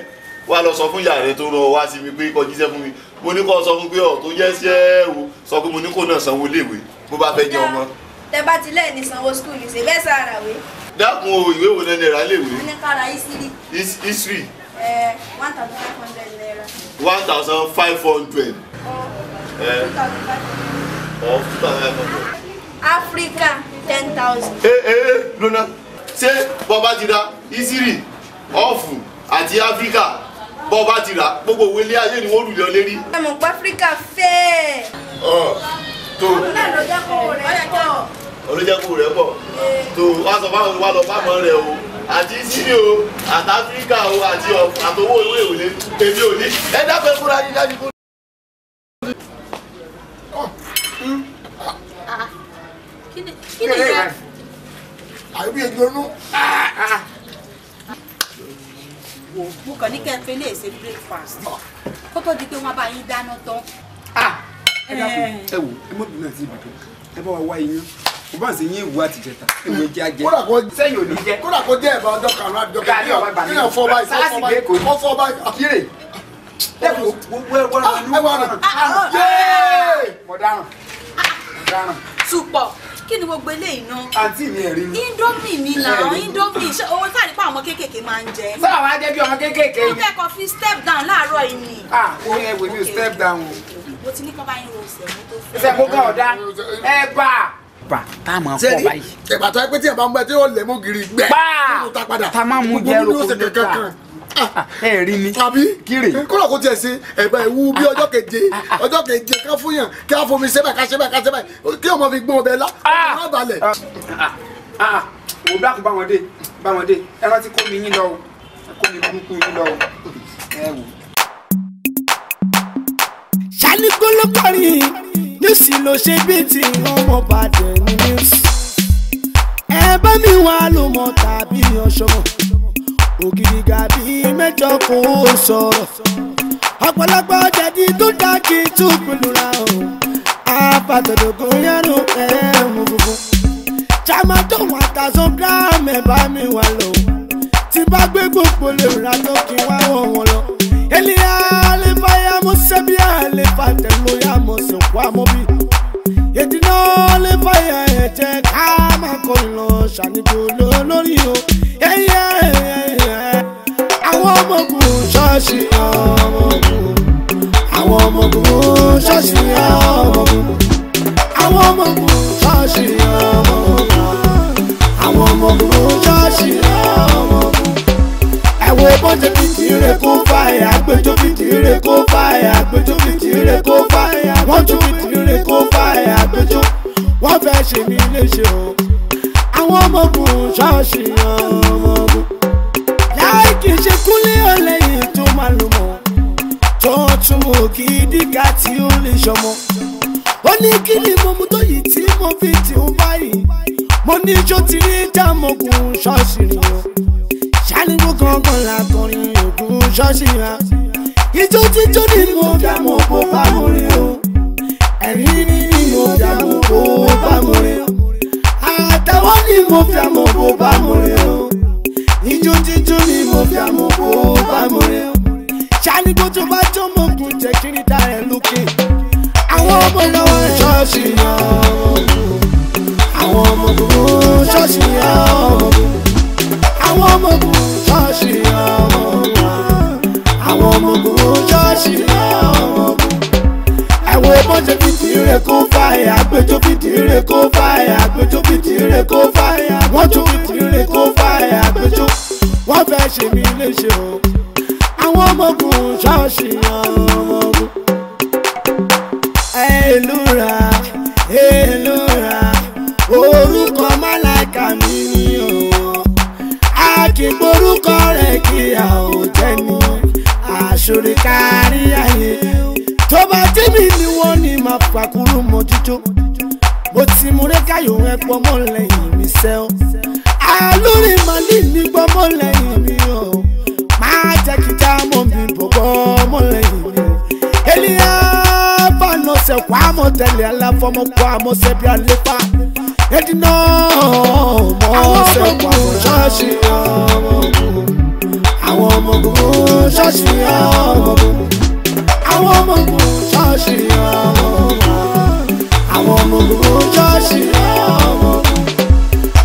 wá lọ sọ fún ìyá rẹ tó rán ọ wá sí mi pé kó jíṣẹ́ fún mi mo ní kó sọ fún pé ọ tó jẹ́ sí ẹ wo sọ pé mo ní kó náà sanwó léèwé bó bá fẹ́ jẹ ọmọ. tẹ bá tilẹ̀ ní sanwó skul ní ṣe bẹ́ẹ̀ sára wé dákun o ìwé wo lẹ́nu ẹ̀rá lè wé. wọ́n ní kára one thousand five hundred naira. one thousand five hundred. One thousand five hundred. africa ten thousand. ee eh, ee eh, eh, lona ṣé bọ́ba ti ra isiri ọ̀fù àti áfíríkà bọ́ba ti rà gbogbo òwe ilé ayé ni wọ́n lù lọ lérí. ẹ mọ̀ pé áfíríkà fẹ́ẹ̀. ọ̀ tó. ọ̀hún náà ló jẹ́ kó rẹ̀ pọ̀ olójẹ́kù rẹ̀ pọ̀ tó wá sọ fáwọn wá lọ fáwọn rẹ̀ o àti sílẹ̀ o àti áfíríkà o àti àtọwọ́ ìwé ìwòlé èmi ò ní ẹ dábẹ́ fúnra yín dájú kó. kí ni ìyá. àbí ẹgbẹ́rún. mo kàn ní kẹ́ ẹ fẹ́ lè ṣe breakfast kó tó di pé wọ́n bá yín dáná tán. Ah! ẹ dákun ẹ wò ẹ mọ̀ bí náà ti bìkan ẹ bá wa wá iyán o bá ń yín ìwú àti jẹta ìwé jẹ ajẹ sẹ́yìn ò ní jẹ. kódà kó jẹ ẹ̀bà ọjọ́ kan láti dọ́kà ní ọ̀gbà ní ọ̀fọ̀ báyìí sáàsì bẹ́ẹ̀ kò ní ọ̀fọ̀ báyìí àkírè. dẹ́kun wẹ́ẹ́ wọ́n mọ̀dáràn mọ̀dáràn. tupọ̀ kí ni gbogbo eléyìí ná. àǹtí mi ẹ̀rí mi. indomie ni làwọn indomie ṣe owó sáré pa àwọn kéékèèké máa ń jẹ. sáà wá jẹ́ ọmọ kéékèèké yìí. kókẹ́ kan fi step down láàárọ̀ yìí ni. ah wo ẹ wò ní step down o. mo ti ní kọ́ bá yín ro ìṣẹ̀mú tó fẹ́. ìṣẹ̀mú gan ọ̀dà ẹ bá a bà tá a máa kọ báyìí. ìgbà tó yẹ pé tí ẹ bá mú ẹ tí yóò lè mú gírí gbẹ. báà tá a máa mú jẹ roko kíkà ah, ẹ rí ni kíre. kúrò kó tiẹ̀ ṣe ẹ̀gbà ìwú bí ọjọ́ keje ah, ah, ọjọ́ keje ká fún yàn kí á fomi sẹ́bẹ̀ ká sẹ́bẹ̀ ká sẹ́bẹ̀ kí ọmọ fi gbọ́n ọbẹ̀ lá ọmọ balẹ̀. wo black báwọn dé báwọn dé ẹ rántí kó mi yín lọ o kó mi burúkú o ẹ wò níìsì ló ṣe bí ti ọmọ bàdẹ̀ ní níìsì. ẹ bá mi wá ló mọ tàbí ọ̀ṣọ́mọ̀ ògiri gàbí mẹ́jọ kò sọ̀rọ̀ ọ̀pọ̀lọpọ̀ jẹ̀dí tó dákì tún pinura o àpàtàdógún yẹnu ẹ̀ẹ́mú funfun jamadon àtàzọ́ gíráàmù ẹ̀ bá mi wá lọ tí bá gbé gbogbo lè rà lókè wá wọ̀ wọ́n lọ. Elia alifa ya mosebia alifa telo ya mosekwa mobi Yedina alifa ya eje kama kolo shani bolo lórí o Yeah yeah yeah yeah Àwọn ọmọ ogun ṣọ́ọ̀ṣì ọmọ ogun Àwọn ọmọ ogun ṣọ́ọ̀ṣì ọmọ ogun Àwọn ọmọ ogun Mo ebonje pitire ko fire, agbejo pitire ko fire, agbejo pitire ko fire. Wọ́n tún pitire ko fire, agbejo. Wọ́n fẹ́ ṣe mí léṣe o. Àwọn ọmọ ogun ṣọ́ọ̀ṣì yan ọmọ ogun. Láì kì í ṣe kúnlé ọ̀lẹ́yìn tó máa lò mọ́. Tó tún mú kí dígà tí ó lè ṣọmọ. Ó ní kí ni mo mú tó yìí tí mo fi tì ń báyìí. Mo ní ṣó ti ní dààmú ogun ṣọ́ọ̀ṣì rìn o ṣánígbó kankan làkọrin òkú ṣọ́ọ̀ṣì wa ijó tíjó ni mo dá mo kó bá o ẹ̀rín ni mo dá mo kó bá o àtàwọn ni mo fi àmọ́ kó bá o ijó tíjó ni mo fi àmọ́ kó bá o ṣánígbó tó bá jọ́ mọ̀ kún jẹ́ kí ni ẹ̀ lókè àwọn ọmọ lọ́wọ́ ṣọ́ọ̀ṣì yàn àwọn ọmọ gbogbo ṣọ́ọ̀ṣì yàn. ṣìnà ọ̀gùn. ẹ̀wọ̀n ìbọ̀nṣẹ́ fìdí rẹ̀ kó fàyà àgbẹ̀jọ́ fìdí rẹ̀ kó fàyà àgbẹ̀jọ́ fìdí rẹ̀ kó fàyà wọ́n tún fìdí rẹ̀ kó fàyà àgbẹ̀jọ́ wọ́n fẹ́ ṣe mí léṣe o. àwọn ọmọ ogun ṣọ́ọ̀ṣì yan ọmọ ogun. èlúra èlúra orúkọ málàkà mi ni o. a kì í gborúkọ rẹ̀ kíyà o sórí kárí ayé tó bá tẹ́mi ni wọ́n ní máa fàkúrú mọ́jútó mo ti múré káyọ̀ ẹ gbọ́mọ́ lẹ́yìn mi sẹ́ ọ́ alórí màlí ní gbọ́mọ́ lẹ́yìn mi ọ́ máa jẹ́ kí dáàmú mi bọ̀ gbọ́mọ́ lẹ́yìn mi ènìyàn bá nọ sẹ̀ kó àmọ́ tẹ̀lé aláfọmọ́ kó àmọ́ sẹ́ bí alépa ẹ̀dínà mọ́ sẹ́ kó àmọ́ ṣọ́ọ̀ṣì àwọn ọmọ ogun àwọn ọmọ ogun ṣọ́ọ̀ṣì ọmọ ogun àwọn ọmọ ogun ṣọ́ọ̀ṣì ọmọ ogun àwọn ọmọ ogun ṣọ́ọ̀ṣì ọmọ ogun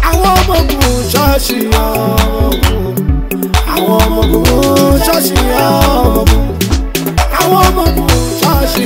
àwọn ọmọ ogun ṣọ́ọ̀ṣì ọmọ ogun àwọn ọmọ ogun ṣọ́ọ̀ṣì ọmọ ogun àwọn ọmọ ogun ṣọ́ọ̀ṣì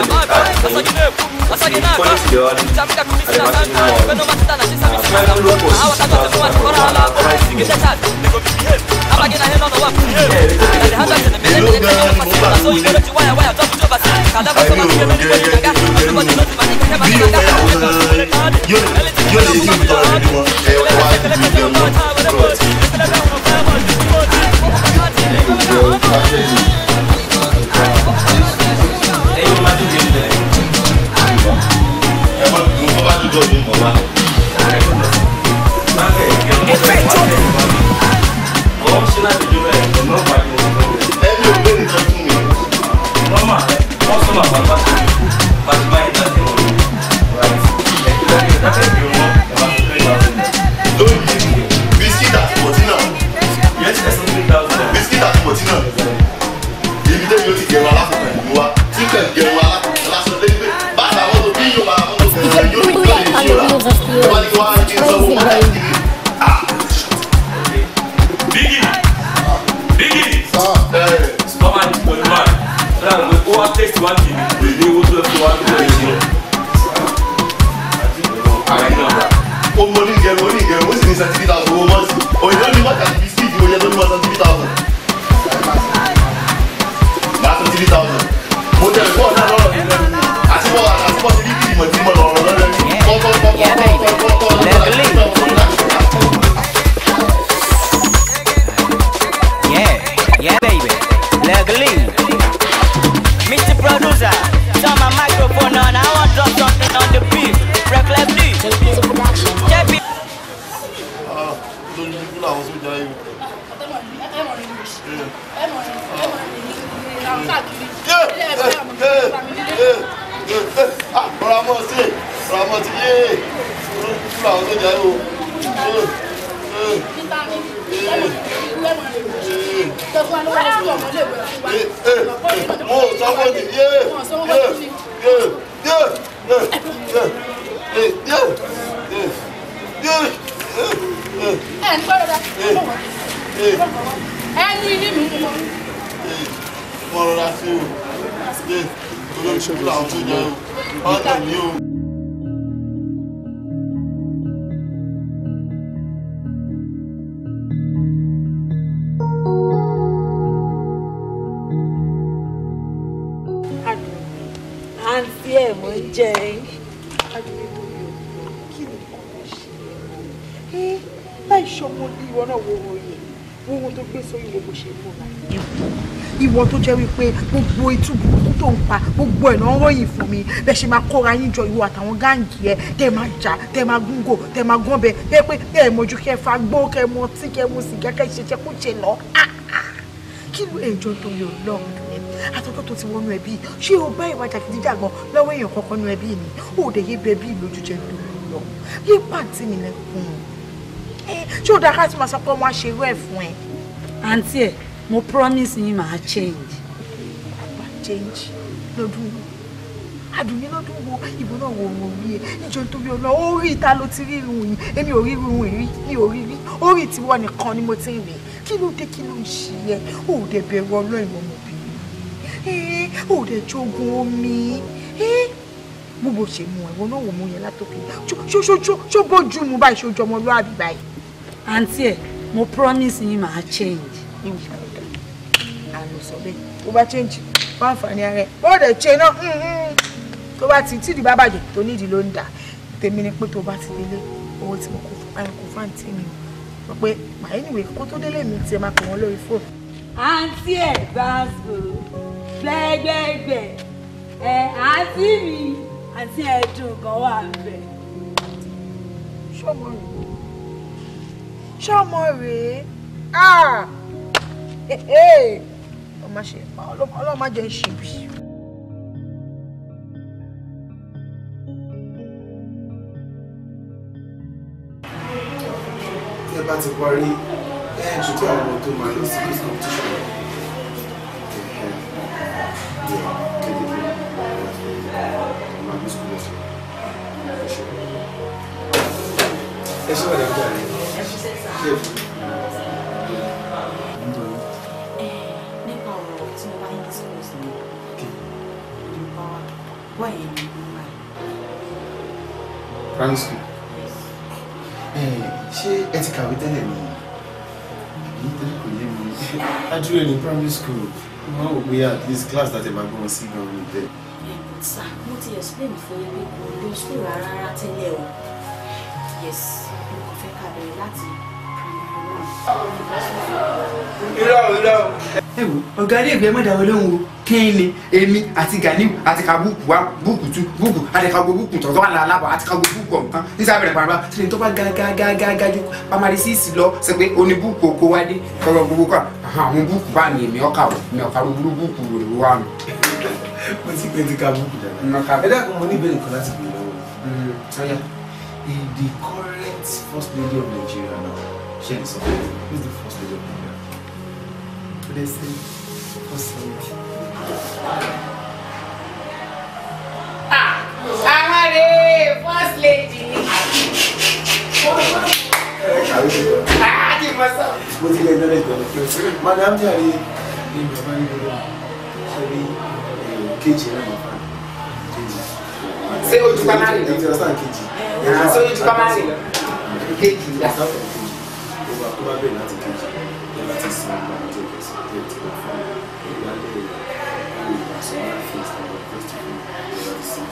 You're the dude, you're the dude, three thousand mo ìwọ tó jẹ́ wípé gbogbo itú burúkú tó ń pa gbogbo ẹ̀ náà ròyìn fún mi bẹ́ẹ̀ ṣe máa kóra yín jọ ìwọ àtàwọn gáǹgì ẹ tẹ́ máa jà tẹ́ máa gúngò tẹ́ máa gọ́bẹ bẹ́ẹ̀ pé bẹ́ẹ̀ mọ̀jú kẹ́ fa gbó kẹ́ mọ tí kẹ́ mu sìgá kẹ́ ṣe kó ṣe lọ. Ah, ah. kí ló èjò tó yọ lọ́run àtọ́jọ́ tó ti wọnú ẹbí ṣé o bá ìwà jàgídíjàgan lọ́wọ́ èèyàn kankan nú ẹbí mi ò dẹ̀ yé bẹ́ẹ̀ bí ìlójújẹ lọ yé pàǹtí mi lẹ́kùn ṣé ó dáa ká ti máa sọ pé wọ́n á ṣe fún ẹ àǹtí ẹ̀ promise yín màá change. màá change lọ́dún wo àdùnní lọ́dún wo ìbò náà wò wò rí ẹ níjọ nítorí ọlọ́ ó rí ìta ló ti rí irun yìí èmi ò rí irun yìí ní orí rí ó rí tiwọ́ nìkan ni mo ti rí kí ló dé kí ló ń ṣe yẹ ó dẹ̀ bẹ̀rù ọlọ́ìmọ̀ mọ̀bìnrin ó dẹ̀ jogun omi gbogbo ṣe mu ẹ̀wọ̀n náà wò mú yẹn látòkè ṣoṣoṣo ṣó bójú mu báyìí ṣojú ọmọlúwàbí báyìí. àǹtí ẹ̀ mo promise yín màá change. àlùsọ bẹ́ẹ̀ tó bá change wọ́n àǹfààní ara ẹ̀ ó dẹ̀ ṣe náà tó bá ti tíìdì bá bàjẹ́ tó nídìí ló ń dà ni pé tó bá ti délé owó tí mo kó fún ayọ̀ kó fún àǹtí mi o sọ pé màá yín ìwé kó tó délé mi tiẹ̀ máa pè wọ́n lórí fóònù. àǹtí ẹ̀ gbàgbọ́ gbẹ́gbẹ́gbẹ́ ẹ̀ àǹtí mi àǹtí ẹ̀ dùn kan wà ń bẹ̀. ṣọ́ọ̀bù ṣọmọ rèé ọlọ́run má jẹ́ ìṣèbí. ẹ bá ti parí ẹ ẹ ṣètò àwọn tó máa lọ sí this competition. Eso es lo que ṣe fún mi. nípa ọ̀rọ̀ tí mo bá yín discuss ni ìlú bá wà wọ́ ẹ̀yìn ní ìlú báyìí. primary school eh, ṣé ẹ ti kàwé tẹ́lẹ̀ ni àbí tẹ́lẹ̀ kò yé primary school wọ́n wò pé at least class tàtẹ̀ máa gbọ́n sí gan-an ní bẹ́ẹ̀. sà mo ti explain fún yín pé kò lóṣù rárá tẹ́lẹ̀ o yes mo kàn fẹ́ kàbẹ̀rẹ̀ irọ́ irọ́. ẹ wo ọ̀gá ilé ìgbẹ́ mọ̀dà olóhùn o kẹ́hìn ni èmi àti Ganiu àti ka búùkù wa búùkù tu búùkù àti ka gbogbo búùkù tọ̀tọ̀ wà lálábọ̀ àti ka gbogbo búùkù ọ̀kan nísàbẹ̀ rẹ̀ pàrọ̀ tí ni tó bá gágágágá ju pamari síìsì lọ sọ pé oní búùkù oko wa dé kọ̀rọ̀ gbogbo kọ̀ àwọn búùkù bá ní èmi ọkà o èmi ọkà ló burú búùkù rè wá nù. mo ti gbé ti ka búùkù dáadáa ẹ dákun mo ní ìbéèrè kan láti gbé lọ́wọ́. ìdí mm-hmm. current first lady of Nigeria náà ṣe ń sọ who the first lady of Nigeria to dey first lady. àwọn rè é first lady ni. Àti mọ́sá. Mo ti lè dọ́lẹ̀ ìgbàlódé Madam you are in the lọ ṣe ní eh, kejì kitchen. Say, fà kejì. Ṣé ojú pa máa kitchen. lọ? Ah, ṣé ojú pa máa rí lọ? Kejì tó bá bẹ̀rẹ̀ láti kejì ní láti san ọgbà àjọ kẹsàn-án tó ti wà fún ìgbà lẹ́yìn àwọn ìgbà sọ̀rọ̀ àfihàn àwọn kristi fún ìgbà ti san.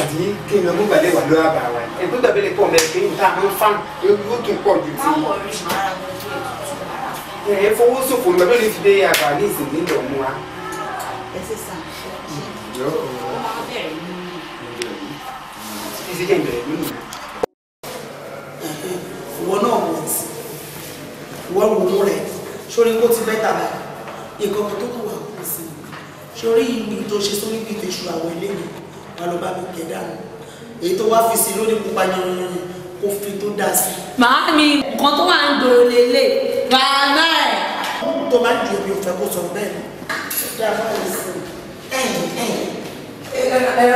àti kí ni ọmọ gbàdé wà lọ́wọ́ bá wa ẹ̀ tó dàbí lè pọ̀ mẹ́rin kí n ta àwọn fan yóò tún pọ̀ ju ti. ẹ fọwọ́ sọ̀fọ̀ nígbà tó fi dé àgbà ní ìsìn nílò ọmọ wa. ẹ ṣe sà ìṣe jẹ́ ìbẹ̀rẹ̀ lónìí. ìwọ náà wọ́n wò ó rẹ̀ sórí kó ti bẹ́tà mi nǹkan tó kù wà kó sí i sórí ibi tó ṣe sórí ibi tó ṣù àwọn ilé mi wà ló bá mi kẹ̀ dànù èyí tó wá fi sí lónìí pupa yanyanyan kó fi tó dà sí. màámi nǹkan tó wà ń gbòòrò lélẹ̀ bàbá ẹ̀. tó bá ju omi òfẹ́ kó sọ bẹ́ẹ̀ ni ṣé a bá lè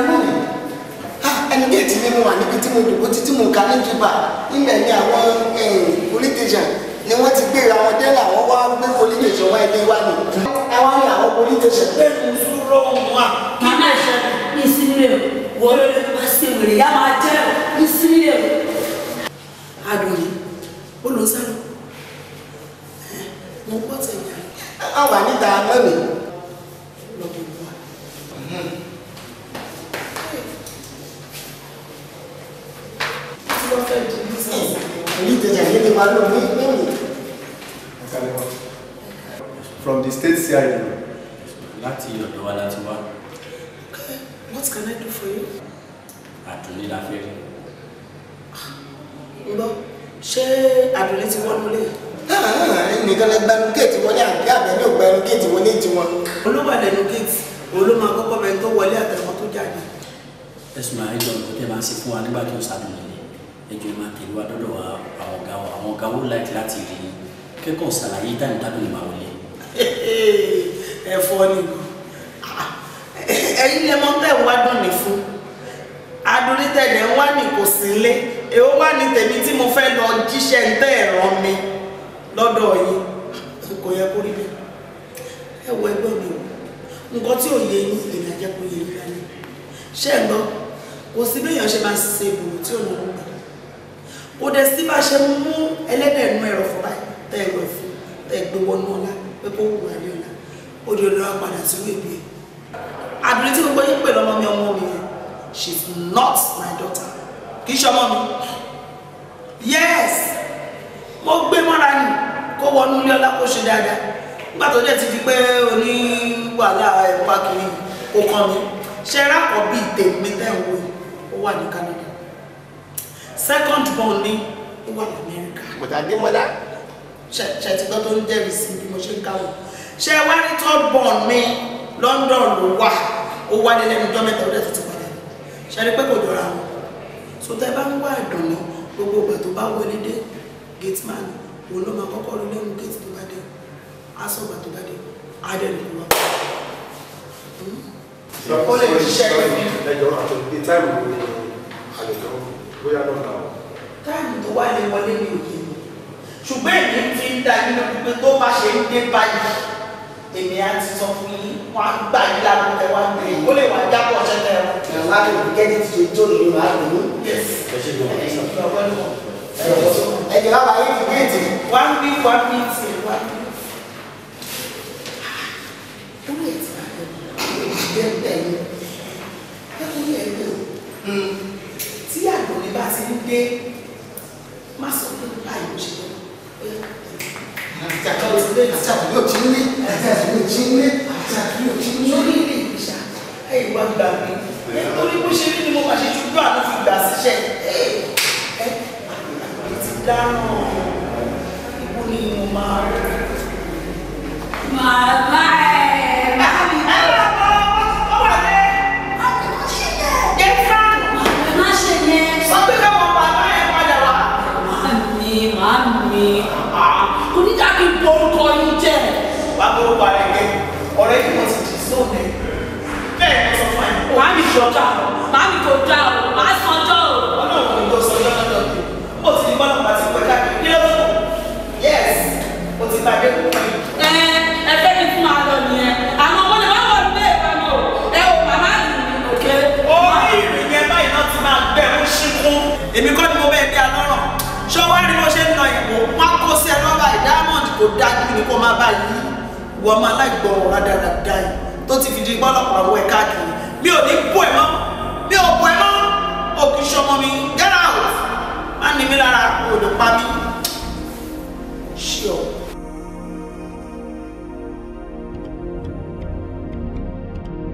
mi ẹni bí ètí mi mo wà níbi tí mo dùn ó ti tí mo kà ní jùbà nígbà ní àwọn politisans ni wọ́n ti gbéra wọn dé làwọn wá gbé police station wá ilé wa nù. àwọn ní àwọn police station. bẹ́ẹ̀ ni sùn lọ́wọ́ wa. màmá ìṣe ní ìsinmi rẹ̀ wọ́n ló lè bá ṣe wèrè yá máa jẹ́ ní ìsinmi rẹ̀. àdùnní ó lọ sáré mo gbọ́ tẹ̀yà. a wà níta lónìí. Thank you. From the state CID. Láti ọ̀dọ̀ wa láti wá. What can I do for you? Àdùnní la fẹ́ rí. Ń bọ́, ṣé Àdùnní ti wọ́n lólè? Ah, Nìkan lẹ gbẹnu géètì wọlé àbí àbẹ̀lẹ̀ ò gbẹnu géètì wọlé tiwọn. Olúwa lẹnu géètì, òun ló máa kọ́kọ́ mẹ́ni tó wọlé àtẹ̀wọ́n tó jáde. me. àìjọ nǹkan tẹ́ máa ń ṣe fún wa nígbà tó ń ṣàdùnnì ẹjọ́ máa tẹ̀lé wa dọ́dọ̀ àwọn ọ̀gá wa àwọn ọ̀gá wo láìkí láti rí kẹ́kọ̀ọ́ ṣàlàyé táyì tábìlì máa wọlé. ẹ fọ́ ni ẹ̀yin lè mọ tẹ̀ wá dùn ní fún adúlítẹ̀lẹ̀ wá ní kò sí lé èwo wá ní tèmi tí mo fẹ́ lọ jíṣẹ́ ń tẹ́ ẹ̀rọ mi lọ́dọ̀ yìí kò yẹ kó rí bẹ́ẹ̀ ẹ wọ ẹgbẹ́ mi o nǹkan tí ò yé yín èmi àjẹkù yé yín lálẹ́ ṣé ẹ̀ lọ kò sí bí èèyàn ṣe máa ṣe ìbòrò tí ò náà ń gbà kò dẹ̀ sí bá ṣe mú ẹlẹ́dẹ̀ inú ẹ̀rọ fún báyìí ẹ̀rọ fún tẹ́ gbé wọnú ọ̀la pé kó wù wáyé ọ̀la ó di olóra padà sí ìwé ìgbé àdúrà tí gbogbo yín pè lọ́mọ mi ọmọ mi yẹn she is not my daughter kì í ṣe ọmọ mi yes mo gbé mọ́ra nì kó wọnú ilé ọlá kó ṣe dáadáa nígbà tó dẹ̀ ti di pé oní wàhálà ẹ̀kọ́ akiri kò kàn mí ṣe rákọ̀ bíi tèmi tẹ̀ ń wò ó wà ní Canada second born mi ó wà ní Amẹ́ríkà. bùtà Adémọ́lá. ṣe ti gbọ́ tó ń jẹ́rìí sí bí mo ṣe ń káwọn ṣe wá ní third born mi London ló wà ó wá ní lẹ́nu ọjọ́ mẹ́ta ọdẹ tó ti padà ṣe rí pé kò jọra wọn so tẹ bá ń wá ìdùnnú gbogbo ìgbà tó bá wọlé dé gate man òun ló máa kọ́kọ́ rí lẹ́nu gate tó bá dé aṣọ ìgbà tó bá dé adẹ́nu ló wà. ó lè ṣiṣẹ́ pẹ̀lú. ẹjọ́ àti ìtàìmù àlejò bóyá lọ́la o. táàmù tó wá lè wọlé ní òye mi ṣùgbọ́n èmi fi ń da nínú pípé tó bá ṣe ń dé báyìí èmi á ti sọ fún yín wọn á gbà yín lárúkọ ẹ wá gbé yín ó lè wá jábọ̀ ọ̀ṣẹ́ tẹ ọ. ìyàwó àti ìgbẹ́ni ti ṣe jó ìlú máa dùn ún. ẹ ṣe gbọ́n ẹ jẹ́ one week one week one week. ó ti ń dé má sọ pé báyìí ó ṣe lọ àjàkà ò ti lé àjàkà yóò ti lé àjàkà yóò ti lé àjàkà yóò ti lé. lórí ilé ìgbésà ẹ ìwà gbà mí nítorí bó ṣe rí ni mo máa ṣe ṣubú àná fi gbà síṣẹ́ ẹ ẹ ti dáhùn ibo mo máa rí. bá jọjá o. mi kò já o màá san o. wọn náà kò tó san ọjọ́ lọ́dọ̀ tó o ti ní bá ti pẹ́ káàkiri kí ló fún yẹ́s o ti bá dé púpọ̀ èmi kọ́ ni mo bẹ́ẹ̀ dé alọ́rọ̀ ṣé wọ́n rí bó ṣe ń nà ìbò wọn kó sí ẹ lọ́ba ìdámọ̀dì kò dáa ni kó má báyìí wọ́n máa láì gbọ́ ọ̀rá yìí tó ti fi di gbọ́dọ̀ pàwọ́ ẹ̀ káàkiri mi ò ní bọ̀ ẹ̀ mọ́ mi ò bọ̀ ẹ̀ mọ́ òkè sọmọ mi get out má ní mi lára kò lè pa